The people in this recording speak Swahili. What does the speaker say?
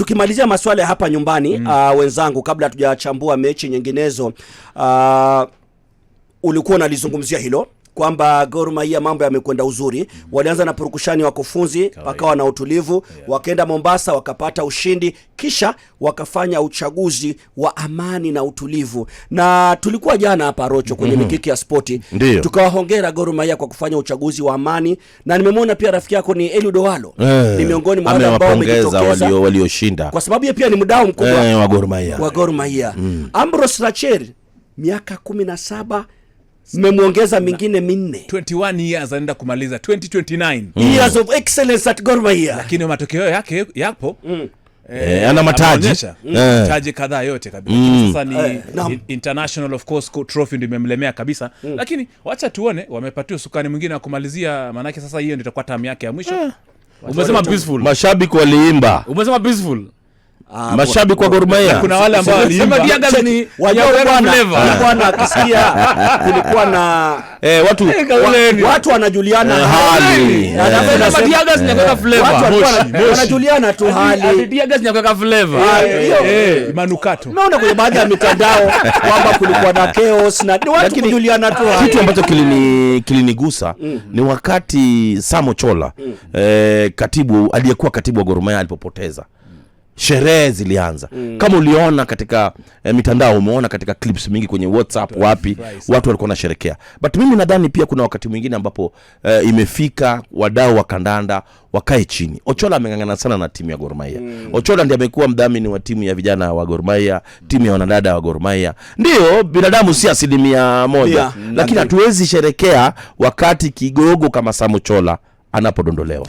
tukimalizia maswala hapa nyumbani mm. Uh, wenzangu, kabla hatujachambua mechi nyinginezo, uh, ulikuwa unalizungumzia hilo kwamba Gor Mahia mambo yamekwenda uzuri. Mm-hmm. Walianza na purukushani wakufunzi, wakawa na utulivu, wakaenda Mombasa wakapata ushindi, kisha wakafanya uchaguzi wa amani na utulivu. Na tulikuwa jana hapa Rocho kwenye mm -hmm. mikiki ya spoti tukawahongera Gor Mahia kwa kufanya uchaguzi wa amani, na nimemwona pia rafiki yako ni Eliud Owalo eh, ni miongoni mwa wale ambao wamejitokeza walioshinda kwa sababu yeye pia ni mdau mkubwa eh, wa Gor Mahia wa Gor Mahia mm. Ambrose Racher miaka 17 mmemwongeza mingine minne, 21 years anaenda kumaliza 2029 mm. years of excellence at Gor Mahia, lakini matokeo yake yapo mm. E, ana mataji hmm. mataji kadhaa yote kabisa mm. Sasa ni e, international of course trophy ndio imemlemea kabisa mm. Lakini wacha tuone wamepatiwa sukani mwingine wa kumalizia, maanake sasa hiyo ndio itakuwa tamu yake ya mwisho. Umesema peaceful, mashabiki waliimba, umesema peaceful Ah, mashabi kwa Gor Mahia kuna wale ambao walisema Diagas ni bwana, ah. akisikia kulikuwa na eh, watu eh, watu wanajuliana eh, hali, anasema Diagas ni kwa flavor, watu wanajuliana tu hali, Diagas ni kwa flavor eh, eh manukato. Naona kwenye baadhi ya mitandao kwamba kulikuwa na chaos na watu kujuliana tu hali. Kitu ambacho kilini kilinigusa mm. ni wakati Samo Chola mm. eh, katibu aliyekuwa katibu wa Gor Mahia alipopoteza sherehe zilianza mm. Kama uliona katika eh, mitandao umeona katika clips mingi kwenye WhatsApp wapi watu walikuwa wanasherekea, but mimi nadhani pia kuna wakati mwingine ambapo eh, imefika wadau wa kandanda wakae chini. Ochola ameng'ang'ana sana na timu ya gormaia mm. Ochola ndiye amekuwa mdhamini wa timu ya vijana wa gormaia timu ya wanadada wa gormaia Ndio binadamu si asilimia moja yeah, lakini hatuwezi sherekea wakati kigogo kama Samuchola anapodondolewa.